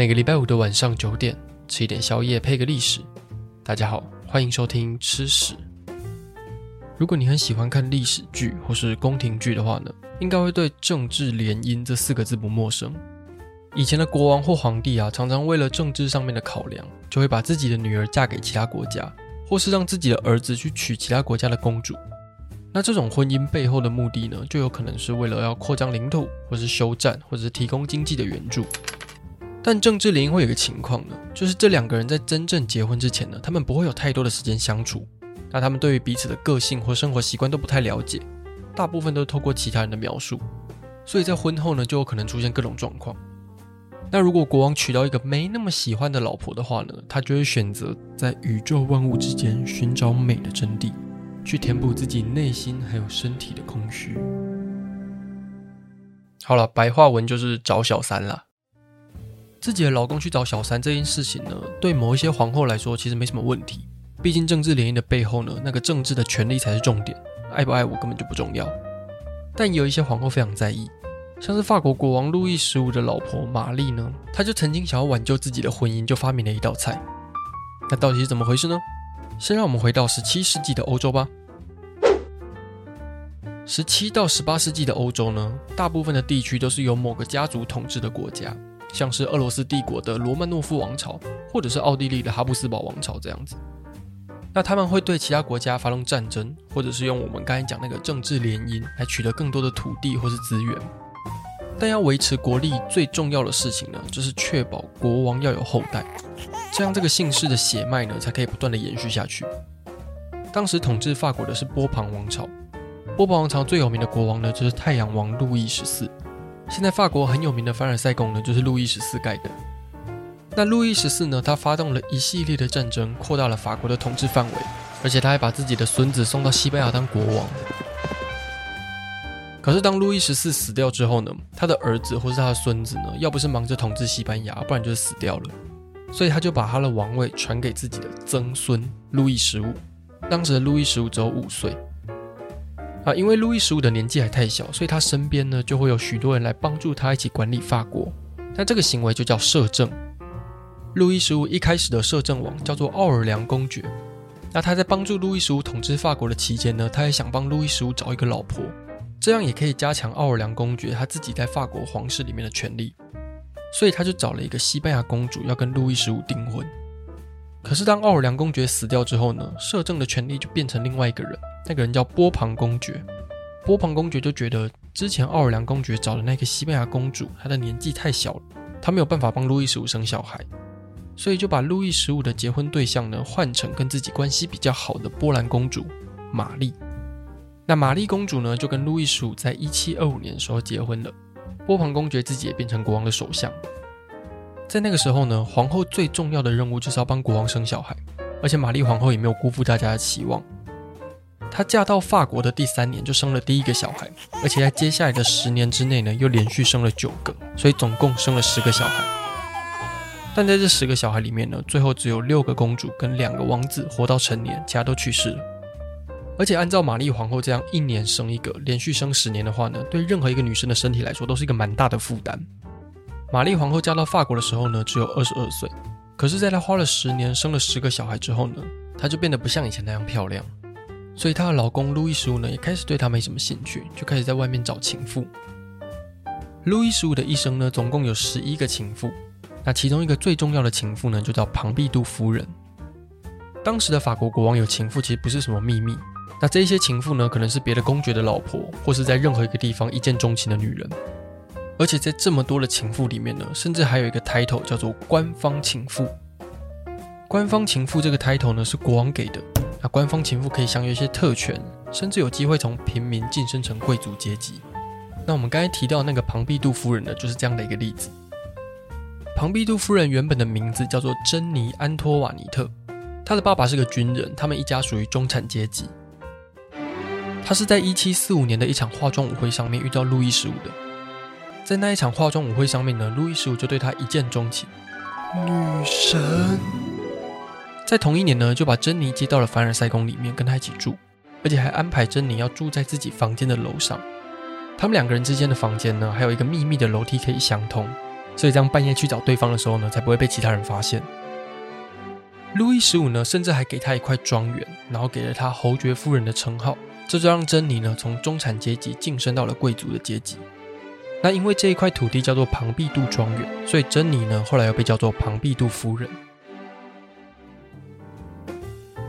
每個禮拜五的晚上九點，吃一點宵夜配個歷史。大家好，歡迎收聽《吃史》。如果你很喜歡看歷史劇或是宮廷劇的話呢，應該會對“政治聯姻”這四個字不陌生。以前的國王或皇帝啊，常常為了政治上面的考量，就會把自己的女兒嫁給其他國家，或是讓自己的兒子去娶其他國家的公主。那這種婚姻背後的目的呢，就有可能是為了要擴張領土，或是休戰，或者是提供經濟的援助。但政治聯姻會有一個情況呢，就是這兩個人在真正結婚之前呢，他們不會有太多的時間相處，那他們對於彼此的個性或生活習慣都不太了解，大部分都透過其他人的描述，所以在婚後呢，就有可能出現各種狀況。那如果國王娶到一個沒那麼喜歡的老婆的話呢，他就會選擇在宇宙萬物之間尋找美的真諦，去填補自己內心還有身體的空虛。好了，白話文就是找小三了。自己的老公去找小三這件事情呢，對某一些皇後來說其實沒什麼問題。畢竟政治聯姻的背後呢，那個政治的權力才是重點，愛不愛我根本就不重要。但也有一些皇后非常在意，像是法國國王路易十五的老婆瑪麗呢，她就曾經想要挽救自己的婚姻，就發明了一道菜。那到底是怎麼回事呢？先讓我們回到十七世紀的歐洲吧。十七到十八世紀的歐洲呢，大部分的地區都是由某個家族統治的國家。像是俄羅斯帝國的羅曼諾夫王朝，或者是奧地利的哈布斯堡王朝這樣子，那他們會對其他國家發動戰爭，或者是用我們剛才講那個政治聯姻來取得更多的土地或是資源。但要維持國力最重要的事情呢，就是確保國王要有後代，這樣這個姓氏的血脈呢才可以不斷的延續下去。當時統治法國的是波旁王朝，波旁王朝最有名的國王呢就是太陽王路易十四。現在法國很有名的凡爾賽宮呢，就是路易十四蓋的。那路易十四呢，他發動了一系列的戰爭，擴大了法國的統治範圍，而且他還把自己的孫子送到西班牙當國王。可是當路易十四死掉之後呢，他的兒子或是他的孫子呢，要不是忙着統治西班牙，不然就是死掉了。所以他就把他的王位傳給自己的曾孫路易十五，當時的路易十五只有五歲。啊，因為路易十五的年紀還太小，所以他身邊呢就會有許多人來幫助他一起管理法國。那這個行為就叫攝政。路易十五一開始的攝政王叫做奧爾良公爵。那他在幫助路易十五統治法國的期間呢，他也想幫路易十五找一個老婆，這樣也可以加強奧爾良公爵他自己在法國皇室裡面的權力。所以他就找了一個西班牙公主要跟路易十五訂婚。可是，當奧爾良公爵死掉之後呢，攝政的權力就變成另外一個人，那個人叫波旁公爵。波旁公爵就覺得，之前奧爾良公爵找的那個西班牙公主，她的年紀太小了，她沒有辦法幫路易十五生小孩，所以就把路易十五的結婚對象呢換成跟自己關係比較好的波蘭公主瑪麗。那瑪麗公主呢就跟路易十五在一七二五年的時候結婚了。波旁公爵自己也變成國王的首相。在那個時候呢，皇後，最重要的任務就是要幫國王生小孩，而且瑪麗皇後也沒有辜負大家的期望。她嫁到法國的第三年就生了第一個小孩，而且在接下來的十年之內呢，又連續生了九個，所以總共生了十個小孩。但在這十個小孩裡面呢，最後只有六個公主跟兩個王子活到成年，其他都去世了。而且按照瑪麗皇後這樣一年生一個，連續生十年的話呢，對任何一個女生的身體來說都是一個蠻大的負擔。瑪麗皇后嫁到法國的時候呢，只有二十二歲，可是，在她花了十年生了十個小孩之後呢，她就變得不像以前那樣漂亮，所以她的老公路易十五呢，也開始對她沒什麼興趣，就開始在外面找情婦。路易十五的一生呢，總共有十一個情婦，那其中一個最重要的情婦呢，就叫龐畢度夫人。當時的法國國王有情婦，其實不是什麼秘密。那這些情婦呢，可能是別的公爵的老婆，或是在任何一個地方一見鍾情的女人。而且在這麼多的情婦裡面呢，甚至還有一個 title 叫做“官方情婦”。官方情婦這個 title 呢是國王給的。那官方情婦可以享有一些特權，甚至有機會從平民晉升成貴族階級。那我們剛才提到那個龐畢杜夫人呢，就是這樣的一個例子。龐畢杜夫人原本的名字叫做珍妮·安托瓦尼特，她的爸爸是個軍人，他們一家屬於中產階級。她是在1745年的一場化妝舞會上面遇到路易十五的。在那一場化妝舞會上面呢，路易十五就對她一見鍾情。女神。在同一年呢，就把珍妮接到了凡爾賽宮裡面跟她一起住，而且還安排珍妮要住在自己房間的樓上。他們兩個人之間的房間呢，還有一個秘密的樓梯可以相通，所以這樣半夜去找對方的時候呢，才不會被其他人發現。路易十五呢，甚至還給她一塊莊園，然後給了她侯爵夫人的稱號，這就讓珍妮呢，從中產階級晉升到了貴族的階級。那因為這一塊土地叫做龐畢杜莊園，所以珍妮呢，後來又被叫做龐畢杜夫人。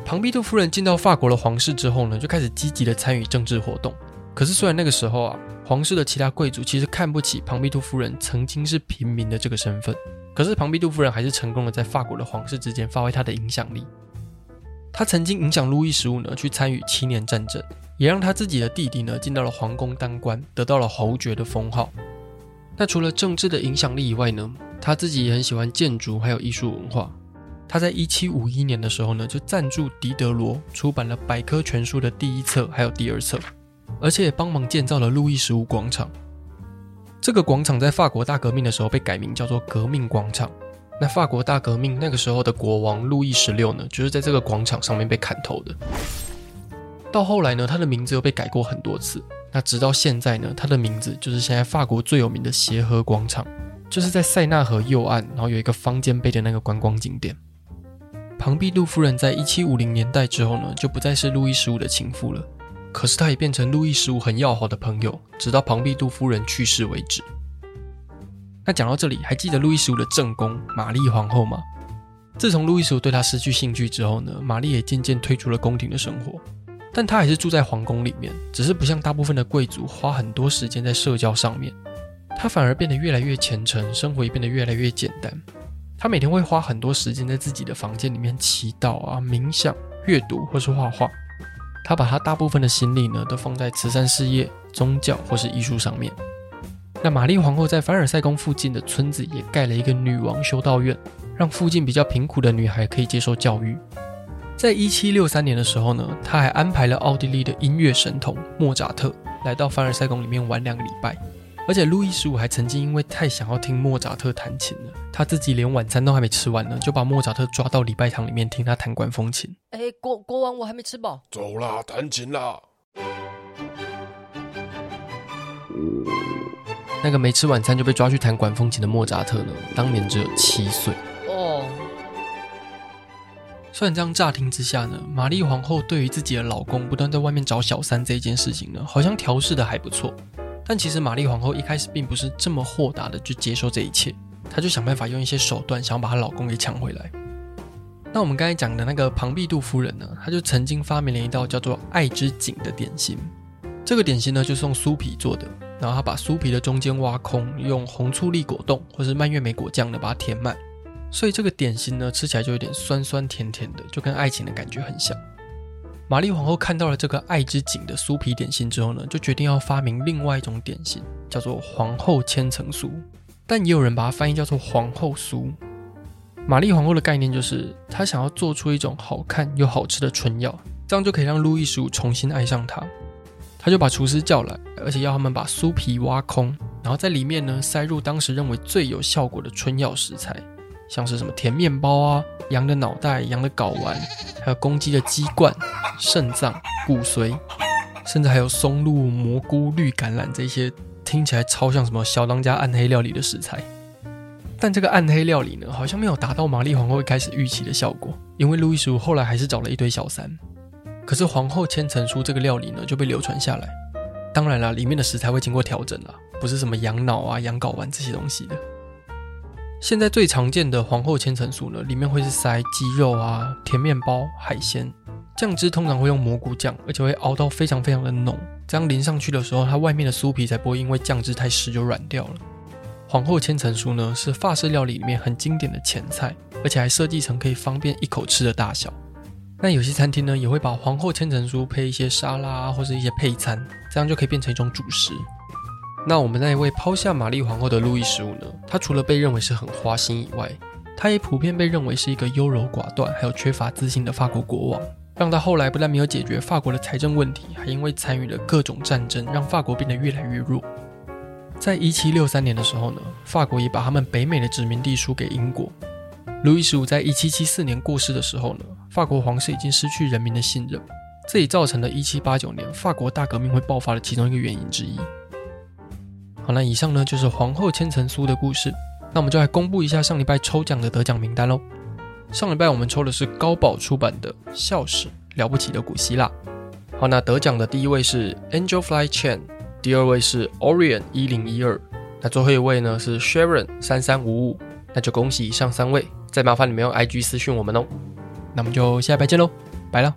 龐畢杜夫人進到法國的皇室之後呢，就開始積極的參與政治活動。可是雖然那個時候啊，皇室的其他貴族其實看不起龐畢杜夫人曾經是平民的這個身份，可是龐畢杜夫人還是成功的在法國的皇室之間發揮她的影響力。她曾經影響路易十五呢，去參與七年戰爭。也讓他自己的弟弟呢進到了皇宮當官，得到了侯爵的封號。那除了政治的影響力以外呢，他自己也很喜歡建築還有藝術文化。他在一七五一年的時候呢，就贊助狄德羅出版了百科全書的第一冊還有第二冊，而且也幫忙建造了路易十五廣場。這個廣場在法國大革命的時候被改名叫做革命廣場。那法國大革命那個時候的國王路易十六呢，就是在這個廣場上面被砍頭的。到後來呢，他的名字又被改過很多次。那直到現在呢，他的名字就是現在法國最有名的協和廣場，就是在塞納河右岸，然後有一個方尖碑的那個觀光景點。龐畢杜夫人在1750年代之後呢，就不再是路易十五的情婦了。可是她也變成路易十五很要好的朋友，直到龐畢杜夫人去世為止。那講到這裡，還記得路易十五的正宮瑪麗皇後嗎？自從路易十五對她失去興趣之後呢，瑪麗也漸漸退出了宮廷的生活。但她還是住在皇宮裡面，只是不像大部分的貴族花很多時間在社交上面，她反而變得越來越虔誠，生活也變得越來越簡單。她每天會花很多時間在自己的房間裡面祈禱啊、冥想、閱讀或是畫畫。她把她大部分的心力呢，都放在慈善事業、宗教或是藝術上面。那瑪麗皇後在凡爾賽宮附近的村子也蓋了一個女王修道院，讓附近比較貧苦的女孩可以接受教育。在一七六三年的時候呢，他還安排了奧地利的音樂神童莫扎特來到凡爾賽宮裡面玩兩個禮拜。而且路易十五還曾經因為太想要聽莫扎特彈琴了，他自己連晚餐都還沒吃完呢，就把莫扎特抓到禮拜堂裡面聽他彈管風琴。哎，國，國王，我還沒吃飽，走啦，彈琴啦！那個沒吃晚餐就被抓去彈管風琴的莫扎特呢，當年只有七歲。雖然這樣乍聽之下呢，瑪麗皇後對於自己的老公不斷在外面找小三這件事情呢，好像調適的還不錯。但其實瑪麗皇後一開始並不是這麼豁達的去接受這一切，她就想辦法用一些手段，想要把她老公給搶回來。那我們剛才講的那個龐畢度夫人呢，她就曾經發明了一道叫做“愛之井”的點心。這個點心呢，就是用酥皮做的，然後她把酥皮的中間挖空，用紅醋栗果凍或是蔓越莓果醬呢把它填滿。所以這個點心呢，吃起來就有點酸酸甜甜的，就跟愛情的感覺很像。瑪麗皇後看到了這個愛之井的酥皮點心之後呢，就決定要發明另外一種點心，叫做皇后千層酥，但也有人把它翻譯叫做皇后酥。瑪麗皇後的概念就是，她想要做出一種好看又好吃的春藥，這樣就可以讓路易十五重新愛上她。她就把廚師叫來，而且要他們把酥皮挖空，然後在裡面呢塞入當時認為最有效果的春藥食材。像是什麼甜麵包啊、羊的腦袋、羊的睾丸，還有公雞的雞冠、腎臟、骨髓，甚至還有松露、蘑菇、綠橄欖這些，聽起來超像什麼小當家暗黑料理的食材。但這個暗黑料理呢，好像沒有達到瑪麗皇後一開始預期的效果，因為路易十五後來還是找了一堆小三。可是皇后千層酥這個料理呢，就被流傳下來。當然啦，裡面的食材會經過調整啦，不是什麼羊腦啊、羊睾丸這些東西的。現在最常見的皇后千層酥呢，裡面會是塞雞肉啊、甜麵包、海鮮，醬汁通常會用蘑菇醬，而且會熬到非常非常的濃，這樣淋上去的時候，它外面的酥皮才不會因為醬汁太濕就軟掉了。皇后千層酥呢，是法式料理裡面很經典的前菜，而且還設計成可以方便一口吃的大小。那有些餐廳呢，也會把皇后千層酥配一些沙拉啊，或是一些配餐，這樣就可以變成一種主食。那我們那一位拋下瑪麗皇後的路易十五呢？他除了被認為是很花心以外，他也普遍被認為是一個優柔寡斷，還有缺乏自信的法國國王，讓他後來不但沒有解決法國的財政問題，還因為參與了各種戰爭，讓法國變得越來越弱。在1763年的時候呢，法國也把他們北美的殖民地輸給英國。路易十五在1774年過世的時候呢，法國皇室已經失去人民的信任，這也造成了1789年法國大革命會爆發的其中一個原因之一。好，那以上呢，就是皇后千層酥的故事，那我們就來公布一下上禮拜抽獎的得獎名單嘍。上禮拜我們抽的是高寶出版的《笑史：了不起的古希臘》。好，那得獎的第一位是 a n g e l f l y c h a n 第二位是 Orien 一零一二，那最後一位呢是 Sharon 三三五五。那就恭喜以上三位，再麻煩你們用 IG 私訊我們哦。那我們就下禮拜見嘍，拜了。